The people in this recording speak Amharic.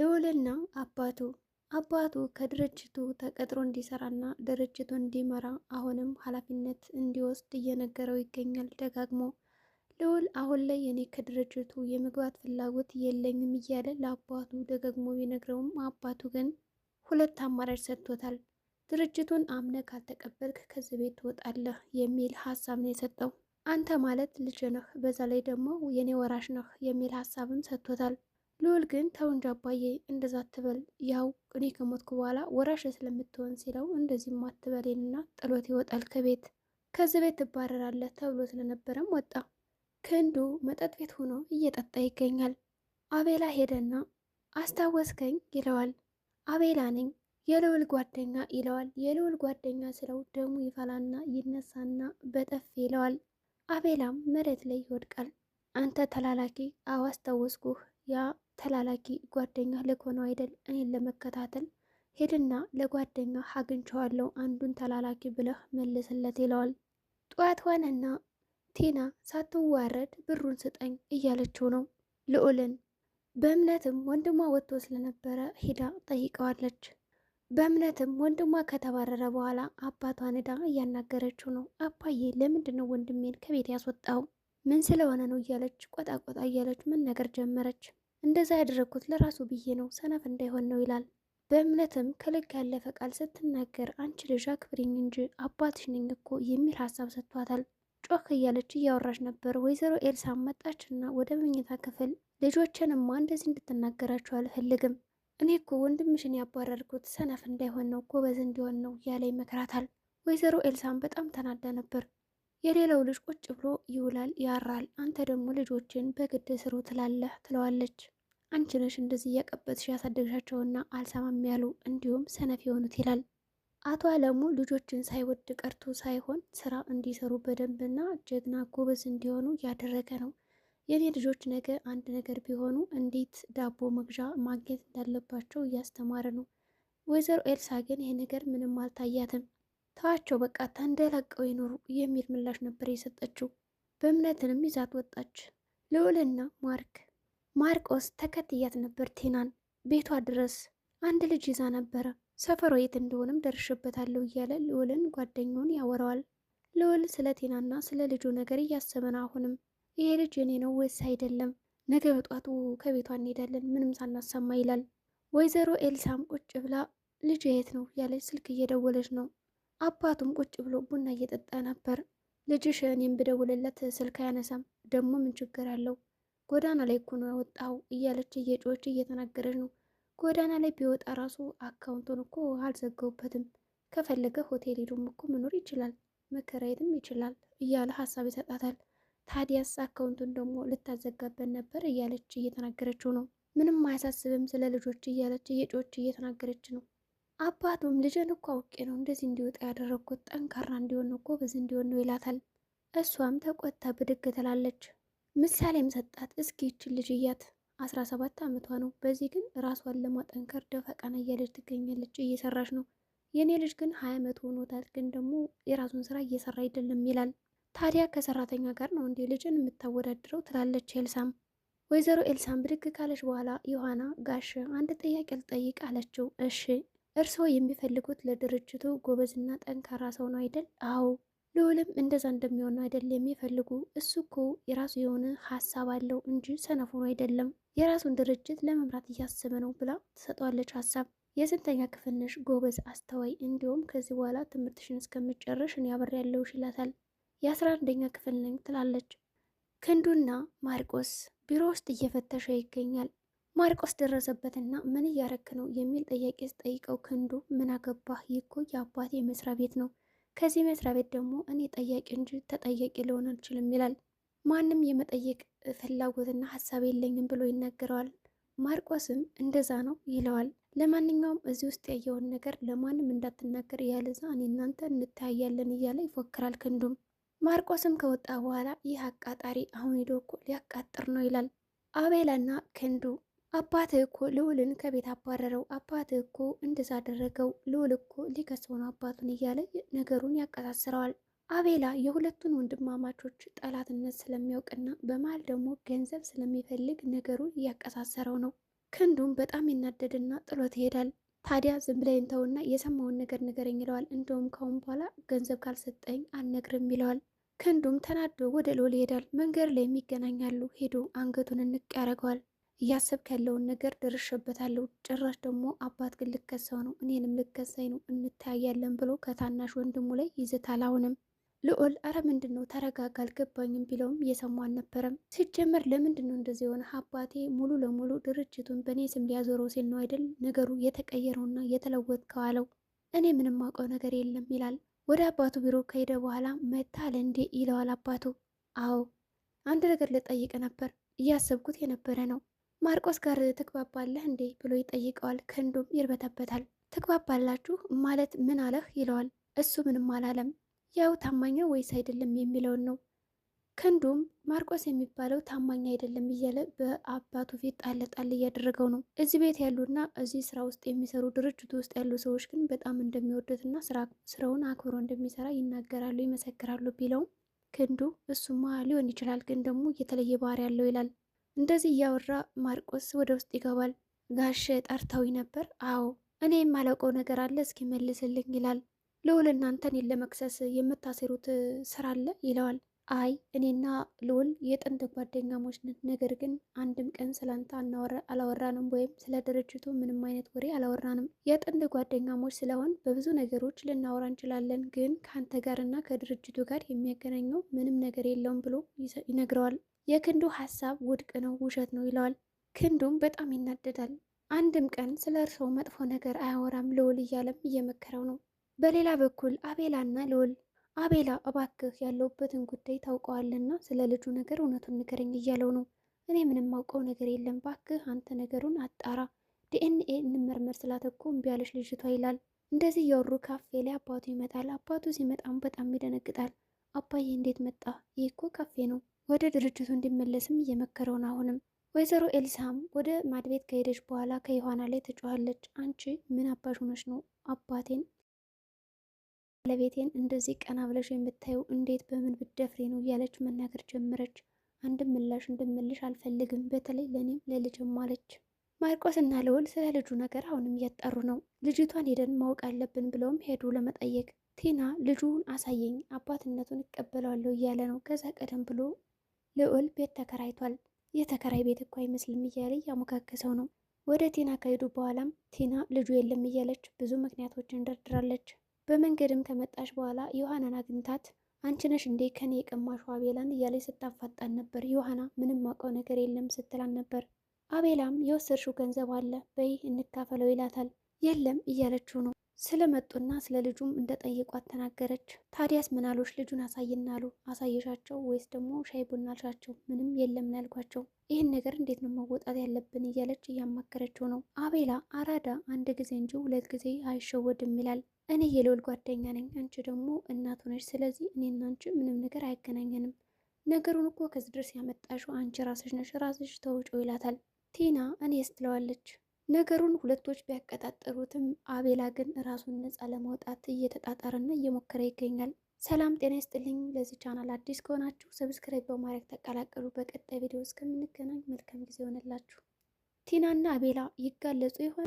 ልዑልና አባቱ አባቱ ከድርጅቱ ተቀጥሮ እንዲሰራና ድርጅቱ እንዲመራ አሁንም ኃላፊነት እንዲወስድ እየነገረው ይገኛል ደጋግሞ። ልዑል አሁን ላይ እኔ ከድርጅቱ የመግባት ፍላጎት የለኝም እያለ ለአባቱ ደጋግሞ ቢነግረውም አባቱ ግን ሁለት አማራጭ ሰጥቶታል። ድርጅቱን አምነ ካልተቀበልክ ከዚህ ቤት ትወጣለህ የሚል ሀሳብ ነው የሰጠው። አንተ ማለት ልጅ ነህ፣ በዛ ላይ ደግሞ የኔ ወራሽ ነህ የሚል ሀሳብም ሰጥቶታል። ልዑል ግን ተው እንጂ አባዬ እንደዛ አትበል፣ ያው እኔ ከሞትኩ በኋላ ወራሽ ስለምትሆን ሲለው እንደዚህም አትበሌንና ጥሎት ይወጣል ከቤት ከዚህ ቤት ትባረራለህ ተብሎ ስለነበረም ወጣ። ክንዱ መጠጥ ቤት ሆኖ እየጠጣ ይገኛል። አቤላ ሄደና አስታወስከኝ ይለዋል። አቤላ ነኝ የልዑል ጓደኛ ይለዋል። የልዑል ጓደኛ ስለው ደሙ ይፈላና ይነሳና በጠፍ ይለዋል። አቤላም መሬት ላይ ይወድቃል። አንተ ተላላኪ፣ አዎ አስታወስኩህ ያ ተላላኪ ጓደኛ ልኮነው አይደል እኔን ለመከታተል ሄድና ለጓደኛ አግኝቼዋለሁ አንዱን ተላላኪ ብለህ መልስለት ይለዋል። ጠዋት ሆነና ቲና ሳትዋረድ ብሩን ስጠኝ እያለችው ነው ልዑልን። በእምነትም ወንድሟ ወጥቶ ስለነበረ ሂዳ ጠይቀዋለች። በእምነትም ወንድሟ ከተባረረ በኋላ አባቷን ዕዳ እያናገረችው ነው። አባዬ ለምንድን ነው ወንድሜን ከቤት ያስወጣው? ምን ስለሆነ ነው እያለች ቆጣ ቆጣ እያለች ምን ነገር ጀመረች። እንደዛ ያደረግኩት ለራሱ ብዬ ነው ሰነፍ እንዳይሆን ነው ይላል። በእምነትም ከልክ ያለፈ ቃል ስትናገር አንቺ ልጅ አክብሪኝ እንጂ አባትሽ ነኝ እኮ የሚል ሀሳብ ሰጥቷታል። ጮክ እያለች እያወራች ነበር። ወይዘሮ ኤልሳ መጣችና ወደ መኝታ ክፍል ልጆችንማ እንደዚህ እንድትናገራቸው አልፈልግም እኔ እኮ ወንድምሽን ያባረርኩት ሰነፍ እንዳይሆን ነው ጎበዝ እንዲሆን ነው ያለ ይመክራታል። ወይዘሮ ኤልሳን በጣም ተናዳ ነበር። የሌላው ልጅ ቁጭ ብሎ ይውላል ያራል፣ አንተ ደግሞ ልጆችን በግድ ስሩ ትላለህ ትለዋለች። አንቺ ነሽ እንደዚህ እያቀበትሽ ያሳደግሻቸውና አልሰማም ያሉ እንዲሁም ሰነፍ የሆኑት ይላል። አቶ አለሙ ልጆችን ሳይወድ ቀርቶ ሳይሆን ስራ እንዲሰሩ በደንብና ጀግና ጎበዝ እንዲሆኑ ያደረገ ነው። የኔ ልጆች ነገ አንድ ነገር ቢሆኑ እንዴት ዳቦ መግዣ ማግኘት እንዳለባቸው እያስተማረ ነው። ወይዘሮ ኤልሳ ግን ይሄ ነገር ምንም አልታያትም። ተዋቸው በቃ ተንደላቀው ይኖሩ የሚል ምላሽ ነበር የሰጠችው። በእምነትንም ይዛት ወጣች። ልዑልና ማርክ ማርቆስ ተከትያት ነበር ቴናን ቤቷ ድረስ አንድ ልጅ ይዛ ነበረ። ሰፈሯ የት እንደሆነም ደርሽበታለሁ እያለ ልዑልን ጓደኛውን ያወራዋል። ልዑል ስለ ቴናና ስለ ልጁ ነገር እያሰበን አሁንም ይሄ ልጅ የኔ ነው ወይስ አይደለም? ነገ በጧቱ ከቤቷ እንሄዳለን ምንም ሳናሰማ ይላል። ወይዘሮ ኤልሳም ቁጭ ብላ ልጅ የት ነው ያለች ስልክ እየደወለች ነው። አባቱም ቁጭ ብሎ ቡና እየጠጣ ነበር። ልጅሽ እኔም ብደውልለት ስልክ አያነሳም፣ ደግሞ ምን ችግር አለው? ጎዳና ላይ እኮ ነው ያወጣው እያለች እየጮች እየተናገረች ነው። ጎዳና ላይ ቢወጣ ራሱ አካውንቱን እኮ አልዘገውበትም። ከፈለገ ሆቴል ሄዶም እኮ መኖር ይችላል፣ መከራየትም ይችላል እያለ ሀሳብ ይሰጣታል። ታዲያስ አካውንቱን ደግሞ ልታዘጋበት ነበር እያለች እየተናገረችው ነው። ምንም አያሳስብም ስለ ልጆች እያለች እየጮች እየተናገረች ነው። አባቱም ልጅን እኮ አውቄ ነው እንደዚህ እንዲወጣ ያደረግኩት ጠንካራ እንዲሆን እኮ በዚህ እንዲሆን ነው ይላታል። እሷም ተቆጥታ ብድግ ትላለች። ምሳሌም ሰጣት። እስኪ ይችን ልጅ እያት አስራ ሰባት ዓመቷ ነው። በዚህ ግን ራሷን ለማጠንከር ደፋ ቀና እያለች ትገኛለች። እየሰራች ነው። የእኔ ልጅ ግን ሀያ ዓመት ሆኖታል፣ ግን ደግሞ የራሱን ስራ እየሰራ አይደለም ይላል። ታዲያ ከሰራተኛ ጋር ነው እንዴ ልጅን የምታወዳድረው? ትላለች ኤልሳም። ወይዘሮ ኤልሳም ብድግ ካለች በኋላ ዮሐና ጋሽ አንድ ጥያቄ ልጠይቅ አለችው። እሺ እርስዎ የሚፈልጉት ለድርጅቱ ጎበዝና ጠንካራ ሰው ነው አይደል? አዎ፣ ልዑልም እንደዛ እንደሚሆን አይደል የሚፈልጉ። እሱ እኮ የራሱ የሆነ ሀሳብ አለው እንጂ ሰነፉ ነው አይደለም። የራሱን ድርጅት ለመምራት እያሰበ ነው ብላ ትሰጠዋለች ሀሳብ። የስንተኛ ክፍል ነሽ? ጎበዝ አስተዋይ፣ እንዲሁም ከዚህ በኋላ ትምህርትሽን እስከምጨርሽ እኔ አብሬያለሁሽ ይላታል። የአስራ አንደኛ ክፍል ነኝ ትላለች። ክንዱና ማርቆስ ቢሮ ውስጥ እየፈተሸ ይገኛል። ማርቆስ ደረሰበትና ምን እያረክ ነው የሚል ጥያቄ ስጠይቀው ክንዱ ምን አገባህ ይኮ የአባቴ መስሪያ ቤት ነው ከዚህ መስሪያ ቤት ደግሞ እኔ ጠያቂ እንጂ ተጠያቂ ልሆን አልችልም ይላል። ማንም የመጠየቅ ፍላጎትና ሀሳብ የለኝም ብሎ ይናገረዋል። ማርቆስም እንደዛ ነው ይለዋል። ለማንኛውም እዚህ ውስጥ ያየውን ነገር ለማንም እንዳትናገር ያለዛ እኔ እናንተ እንታያለን እያለ ይፎክራል ክንዱም። ማርቆስም ከወጣ በኋላ ይህ አቃጣሪ አሁን ሄዶ እኮ ሊያቃጥር ነው ይላል። አቤላና ክንዱ አባት እኮ ልዑልን ከቤት አባረረው። አባት እኮ እንደዛ አደረገው። ልዑል እኮ ሊከሰው ነው አባቱን እያለ ነገሩን ያቀሳስረዋል። አቤላ የሁለቱን ወንድማማቾች ጠላትነት ስለሚያውቅና በመሀል ደግሞ ገንዘብ ስለሚፈልግ ነገሩን እያቀሳሰረው ነው። ክንዱም በጣም ይናደድና ጥሎት ይሄዳል። ታዲያ ዝም ብለህ እንተውና የሰማውን ነገር ንገረኝ ይለዋል። እንደውም ካሁን በኋላ ገንዘብ ካልሰጠኝ አልነግርም ይለዋል። ክንዱም ተናዶ ወደ ልዑል ይሄዳል። መንገድ ላይ የሚገናኛሉ። ሄዶ አንገቱን እንቅ ያደርገዋል። እያሰብክ ያለውን ነገር ደርሼበታለሁ። ጭራሽ ደግሞ አባት ግን ልከሰው ነው እኔንም ልከሳኝ ነው እንታያለን ብሎ ከታናሽ ወንድሙ ላይ ይዘት አሁንም። ልዑል አረ ምንድን ነው ተረጋጋ፣ አልገባኝም ቢለውም እየሰሙ አልነበረም። ሲጀመር ለምንድን ነው እንደዚህ የሆነ አባቴ ሙሉ ለሙሉ ድርጅቱን በእኔ ስም ሊያዞረው ሲል ነው አይደል ነገሩ የተቀየረውና የተለወጥከው አለው። እኔ ምንም አውቀው ነገር የለም ይላል። ወደ አባቱ ቢሮ ከሄደ በኋላ መታል እንዴ ይለዋል አባቱ። አዎ አንድ ነገር ልጠይቅ ነበር እያሰብኩት የነበረ ነው ማርቆስ ጋር ትግባባለህ እንዴ ብሎ ይጠይቀዋል። ክንዱም ይርበተበታል። ትግባባላችሁ ማለት ምን አለህ ይለዋል። እሱ ምንም አላለም፣ ያው ታማኝ ወይስ አይደለም የሚለውን ነው። ክንዱም ማርቆስ የሚባለው ታማኝ አይደለም እያለ በአባቱ ፊት ጣለጣል ጣል እያደረገው ነው። እዚህ ቤት ያሉና እዚህ ስራ ውስጥ የሚሰሩ ድርጅቱ ውስጥ ያሉ ሰዎች ግን በጣም እንደሚወዱትና ስራውን አክብሮ እንደሚሰራ ይናገራሉ፣ ይመሰክራሉ ቢለውም ክንዱ እሱማ ሊሆን ይችላል፣ ግን ደግሞ የተለየ ባህሪ ያለው ይላል። እንደዚህ እያወራ ማርቆስ ወደ ውስጥ ይገባል። ጋሽ ጠርታዊ ነበር? አዎ እኔ የማላውቀው ነገር አለ እስኪ መልስልኝ ይላል። ልዑል እናንተን ለመክሰስ የምታሴሩት ስራ አለ ይለዋል። አይ እኔና ልዑል የጥንት ጓደኛሞች ነን፣ ነገር ግን አንድም ቀን ስላንተ አላወራንም ወይም ስለ ድርጅቱ ምንም አይነት ወሬ አላወራንም። የጥንት ጓደኛሞች ስለሆን በብዙ ነገሮች ልናወራ እንችላለን፣ ግን ከአንተ ጋርና ከድርጅቱ ጋር የሚያገናኘው ምንም ነገር የለውም ብሎ ይነግረዋል። የክንዱ ሀሳብ ውድቅ ነው፣ ውሸት ነው ይለዋል። ክንዱም በጣም ይናደዳል። አንድም ቀን ስለ እርሰው መጥፎ ነገር አያወራም ልውል እያለም እየመከረው ነው። በሌላ በኩል አቤላና ልውል አቤላ እባክህ ያለውበትን ጉዳይ ታውቀዋልና ስለ ልጁ ነገር እውነቱን ንገረኝ እያለው ነው። እኔ ምንም አውቀው ነገር የለም ባክህ አንተ ነገሩን አጣራ፣ ዲኤንኤ እንመርመር ስላተኮ እምቢ አለች ልጅቷ ይላል። እንደዚህ የወሩ ካፌ ላይ አባቱ ይመጣል። አባቱ ሲመጣም በጣም ይደነግጣል። አባዬ እንዴት መጣ? ይህ እኮ ካፌ ነው ወደ ድርጅቱ እንዲመለስም እየመከረው ነው። አሁንም ወይዘሮ ኤልሳም ወደ ማድቤት ከሄደች በኋላ ከዮሐና ላይ ተጫዋለች። አንቺ ምን አባሽ ሆነሽ ነው አባቴን ባለቤቴን እንደዚህ ቀና ብለሽ የምታየው እንዴት በምን ብደፍሬ ነው እያለች መናገር ጀመረች። አንድም ምላሽ እንድምልሽ አልፈልግም፣ በተለይ ለእኔም ለልጅም አለች። ማርቆስ እና ልዑል ስለ ልጁ ነገር አሁንም እያጣሩ ነው። ልጅቷን ሄደን ማወቅ አለብን ብለውም ሄዱ ለመጠየቅ። ቲና ልጁን አሳየኝ አባትነቱን እቀበለዋለሁ እያለ ነው። ከዛ ቀደም ብሎ ልዑል ቤት ተከራይቷል። የተከራይ ቤት እኮ አይመስልም እያለ እያሞካከሰው ነው። ወደ ቲና ከሄዱ በኋላም ቲና ልጁ የለም እያለች ብዙ ምክንያቶችን ደርድራለች። በመንገድም ከመጣች በኋላ ዮሐናን አግኝታት አንቺ ነሽ እንዴ ከኔ የቀማሽው አቤላን እያለች ስታፋጣን ነበር። ዮሐና ምንም አውቀው ነገር የለም ስትላን ነበር። አቤላም የወሰድሽው ገንዘብ አለ በይ እንካፈለው ይላታል። የለም እያለችው ነው። ስለመጡና ስለ ልጁም እንደጠየቋት ተናገረች። ታዲያስ ምናሎች ልጁን አሳይና አሉ። አሳየሻቸው ወይስ ደግሞ ሻይ ቡና አልሻቸው? ምንም የለም ነው ያልኳቸው። ይህን ነገር እንዴት ነው መወጣት ያለብን? እያለች እያማከረችው ነው። አቤላ አራዳ አንድ ጊዜ እንጂ ሁለት ጊዜ አይሸወድም ይላል። እኔ የልዑል ጓደኛ ነኝ፣ አንቺ ደግሞ እናቱ ነች። ስለዚህ እኔና አንቺ ምንም ነገር አይገናኘንም። ነገሩን እኮ ከዚህ ድረስ ያመጣሽው አንቺ ራስሽ ነሽ፣ ራስሽ ተውጮ ይላታል። ቲና እኔ ስትለዋለች ነገሩን ሁለቶች ቢያቀጣጠሩትም አቤላ ግን ራሱን ነፃ ለማውጣት እየተጣጣረና እየሞከረ ይገኛል። ሰላም ጤና ይስጥልኝ። ለዚህ ቻናል አዲስ ከሆናችሁ ሰብስክራይብ በማድረግ ተቀላቀሉ። በቀጣይ ቪዲዮ እስከምንገናኝ መልካም ጊዜ ይሆንላችሁ። ቲናና አቤላ ይጋለጹ ይሆን?